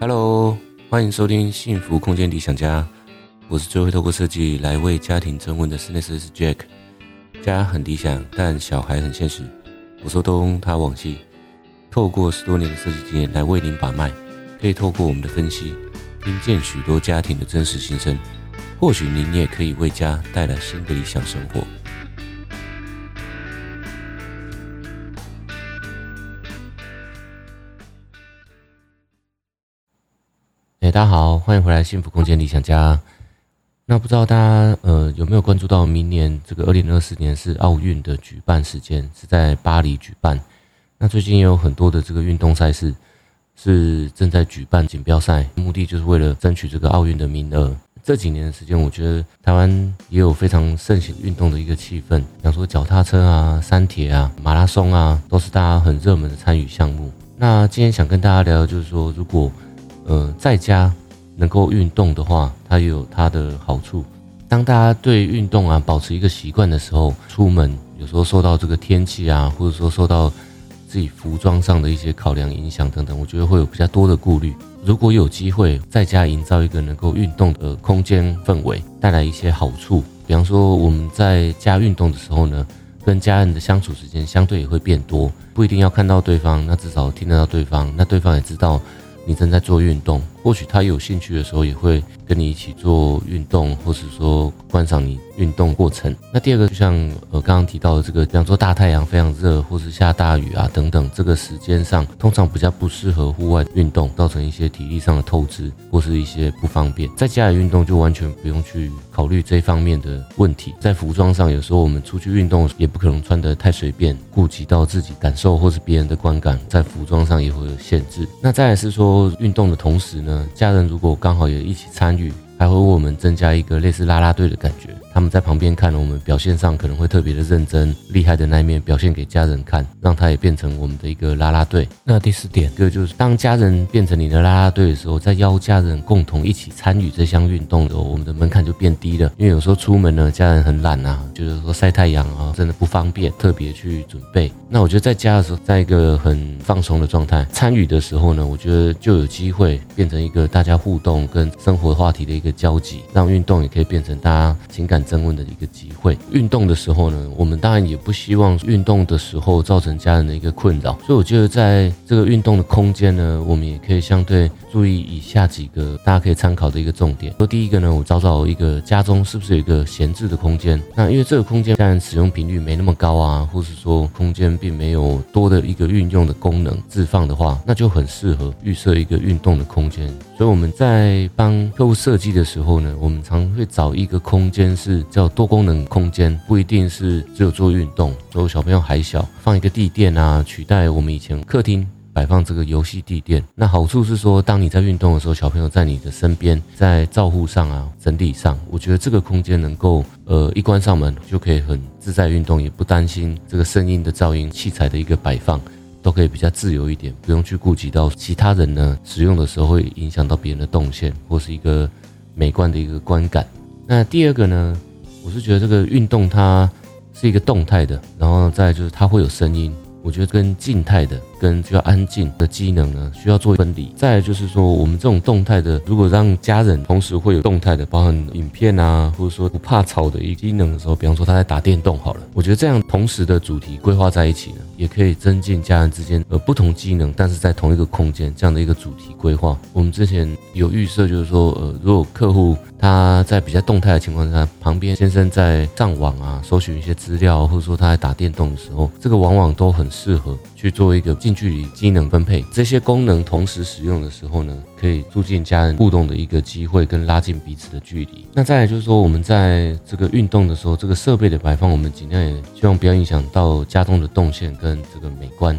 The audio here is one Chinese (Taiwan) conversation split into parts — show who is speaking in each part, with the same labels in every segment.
Speaker 1: 哈嘍，Hello，歡迎收聽《幸福空間理想家》，我是最會透過設計來為家庭升溫的室內設計師 Jack。家很理想，但小孩很現實。我說東他往西，透過十多年的設計經驗來為您把脈，可以透過我們的分析，聽見許多家庭的真實心聲，或許您也可以為家帶來新的理想生活。大家好，歡迎回來《幸福空間理想家》。那不知道大家呃有沒有關注到，明年這個二零二四年是奧運的舉辦時間，是在巴黎舉辦。那最近也有很多的這個運動賽事是正在舉辦錦標賽，目的就是為了爭取這個奧運的名額。這幾年的時間，我覺得台灣也有非常盛行運動的一個氣氛，比方說腳踏車啊、三鐵啊、馬拉松啊，都是大家很熱門的參與項目。那今天想跟大家聊的就是說如果呃，在家能夠運動的話，它也有它的好處。當大家對運動啊保持一個習慣的時候，出門有時候受到這個天氣啊，或者說受到自己服裝上的一些考量影響等等，我覺得會有比較多的顧慮。如果有機會在家營造一個能夠運動的空間氛圍，帶來一些好處。比方說我們在家運動的時候呢，跟家人的相處時間相對也會變多，不一定要看到對方，那至少聽得到對方，那對方也知道。你正在做運動。或許他有興趣的時候，也會跟你一起做運動，或是說觀賞你運動過程。那第二個，就像我剛剛提到的，這個比方說大太陽非常熱，或是下大雨啊等等，這個時間上通常比較不適合戶外運動，造成一些體力上的透支，或是一些不方便。在家裡運動就完全不用去考慮這方面的問題。在服裝上，有時候我們出去運動也不可能穿得太隨便，顧及到自己感受或是別人的觀感，在服裝上也會有限制。那再來是說運動的同時呢？家人如果剛好也一起參與，還會為我們增加一個類似啦啦隊的感覺。他們在旁邊看了我們，表現上可能會特別的認真，厲害的那一面表現給家人看，讓他也變成我們的一個拉拉隊。那第四點，這個就是當家人變成你的拉拉隊的時候，在邀家人共同一起參與這項運動的時候，我們的門檻就變低了。因為有時候出門呢，家人很懶啊，就是說曬太陽啊，真的不方便，特別去準備。那我覺得在家的時候，在一個很放鬆的狀態參與的時候呢，我覺得就有機會變成一個大家互動跟生活話題的一個交集，讓運動也可以變成大家情感。很增溫的一個機會。運動的時候呢，我們當然也不希望運動的時候造成家人的一個困擾，所以我覺得在這個運動的空間呢，我們也可以相對注意以下幾個大家可以參考的一個重點。說第一個呢，我找找一個家中是不是有一個閒置的空間，那因為這個空間當然使用頻率沒那麼高啊，或是說空間並沒有多的一個運用的功能，置放的話，那就很適合預設一個運動的空間。所以我們在幫客戶設計的時候呢，我們常會找一個空間是。是叫多功能空間，不一定是只有做運動。如果小朋友還小，放一個地墊啊，取代我們以前客廳擺放這個遊戲地墊。那好處是說，當你在運動的時候，小朋友在你的身邊，在照護上啊、整體上，我覺得這個空間能夠，呃，一關上門就可以很自在運動，也不擔心這個聲音的噪音、器材的一個擺放，都可以比較自由一點，不用去顧及到其他人呢使用的時候會影響到別人的動線或是一個美觀的一個觀感。那第二個呢，我是覺得這個運動它是一個動態的，然後再來就是它會有聲音，我覺得跟靜態的、跟需要安靜的機能呢需要做分離。再來就是說，我們這種動態的，如果讓家人同時會有動態的，包含影片啊，或者說不怕吵的一個機能的時候，比方說他在打電動好了，我覺得這樣同時的主題規劃在一起呢，也可以增進家人之間呃不同機能，但是在同一個空間這樣的一個主題規劃。我們之前有預設就是說，呃，如果客戶。他在比較動態的情況下，旁邊先生在上網啊，搜尋一些資料，或者說他在打電動的時候，這個往往都很適合去做一個近距離機能分配。這些功能同時使用的時候呢，可以促進家人互動的一個機會，跟拉近彼此的距離。那再來就是說，我們在這個運動的時候，這個設備的擺放，我們儘量也希望不要影響到家中的動線跟這個美觀，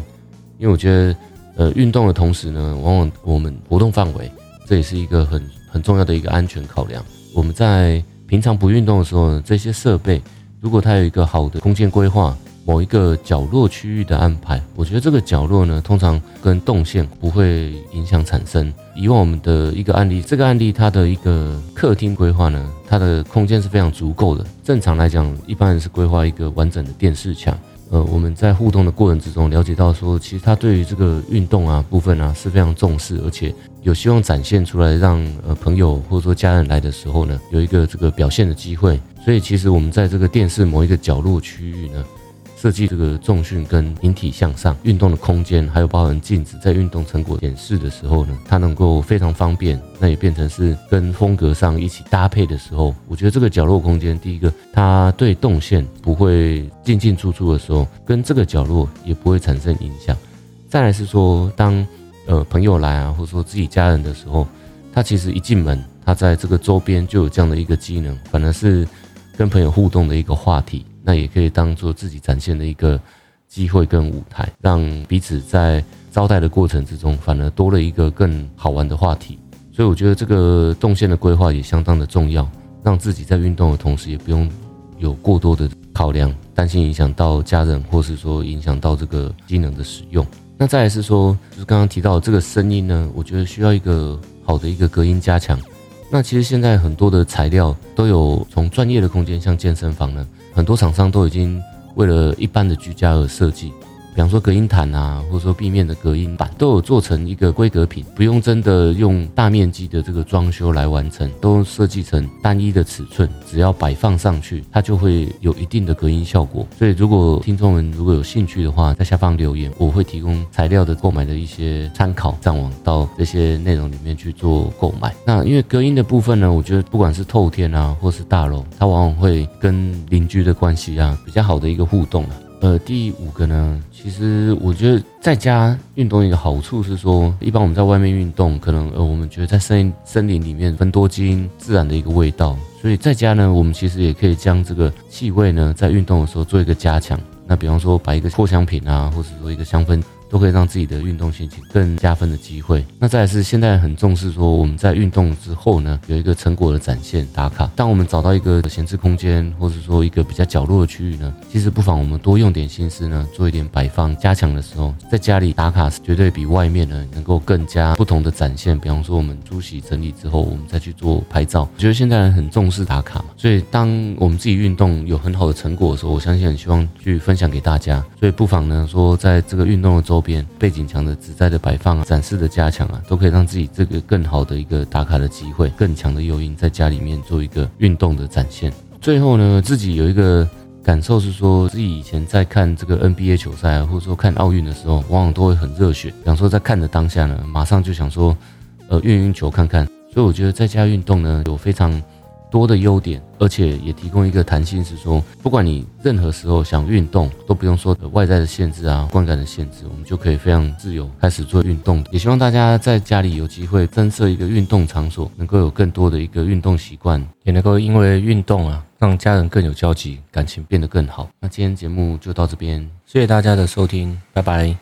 Speaker 1: 因為我覺得，呃，運動的同時呢，往往我們活動範圍，這也是一個很。很重要的一個安全考量。我們在平常不運動的時候呢，這些設備如果它有一個好的空間規劃，某一個角落區域的安排，我覺得這個角落呢，通常跟動線不會影響產生。以往我們的一個案例，這個案例它的一個客廳規劃呢，它的空間是非常足夠的。正常來講，一般人是規劃一個完整的電視牆。呃，我們在互動的過程之中了解到說，說其實他對於這個運動啊部分啊是非常重視，而且有希望展現出來讓，讓呃朋友或者說家人來的時候呢，有一個這個表現的機會。所以其實我們在這個電視某一個角落區域呢，設計這個重訓跟引體向上運動的空間，還有包含鏡子，在運動成果演示的時候呢，它能夠非常方便，那也變成是跟風格上一起搭配的時候，我覺得這個角落空間，第一個它對動線不會進進出出的時候，跟這個角落也不會產生影響。再來是說，當呃朋友來啊，或者說自己家人的時候，他其實一進門，他在這個周邊就有這樣的一個機能，反而是跟朋友互動的一個話題。那也可以當做自己展現的一個機會跟舞台，讓彼此在招待的過程之中，反而多了一個更好玩的話題。所以我覺得這個動線的規劃也相當的重要，讓自己在運動的同時，也不用有過多的考量，擔心影響到家人，或是說影響到這個機能的使用。那再來是說，就是剛剛提到這個聲音呢，我覺得需要一個好的一個隔音加強。那其實現在很多的材料都有從專業的空間，像健身房呢。很多廠商都已經為了一般的居家而設計。比方說隔音毯啊，或者說壁面的隔音板，都有做成一個規格品，不用真的用大面積的這個裝修來完成，都設計成單一的尺寸，只要擺放上去，它就會有一定的隔音效果。所以如果聽眾們如果有興趣的話，在下方留言，我會提供材料的購買的一些參考，上網到這些內容裡面去做購買。那因為隔音的部分呢，我覺得不管是透天啊，或是大樓，它往往會跟鄰居的關係啊，比較好的一個互動啊。呃，第五個呢，其實我覺得在家運動一個好處是說，一般我們在外面運動，可能呃，我們覺得在森林森林裡面芬多精自然的一個味道，所以在家呢，我們其實也可以將這個氣味呢，在運動的時候做一個加強。那比方說，把一個擴香品啊，或者說一個香氛。都可以讓自己的運動心情更加分的機會。那再來是現在很重視說我們在運動之後呢，有一個成果的展現打卡。當我們找到一個閒置空間，或者說一個比較角落的區域呢，其實不妨我們多用點心思呢，做一點擺放加強的時候，在家裡打卡是絕對比外面呢能夠更加不同的展現。比方說我們出席整理之後，我們再去做拍照。我覺得現在人很重視打卡嘛，所以當我們自己運動有很好的成果的時候，我相信很希望去分享給大家。所以不妨呢說在這個運動的周。邊背景牆的紙在的擺放啊，展示的加強啊，都可以讓自己這個更好的一個打卡的機會，更強的誘因，在家裡面做一個運動的展現。最後呢，自己有一個感受是說，自己以前在看這個 NBA 球賽啊，或者說看奧運的時候，往往都會很熱血，想說在看的當下呢，馬上就想說，呃，運運球看看。所以我覺得在家運動呢，有非常。多的優點，而且也提供一個彈性，是說，不管你任何時候想運動，都不用說的外在的限制啊，觀感的限制，我們就可以非常自由開始做運動的。也希望大家在家裡有機會增設一個運動場所，能夠有更多的一個運動習慣，也能夠因為運動啊，讓家人更有交集，感情變得更好。那今天節目就到這邊，謝謝大家的收聽，拜拜。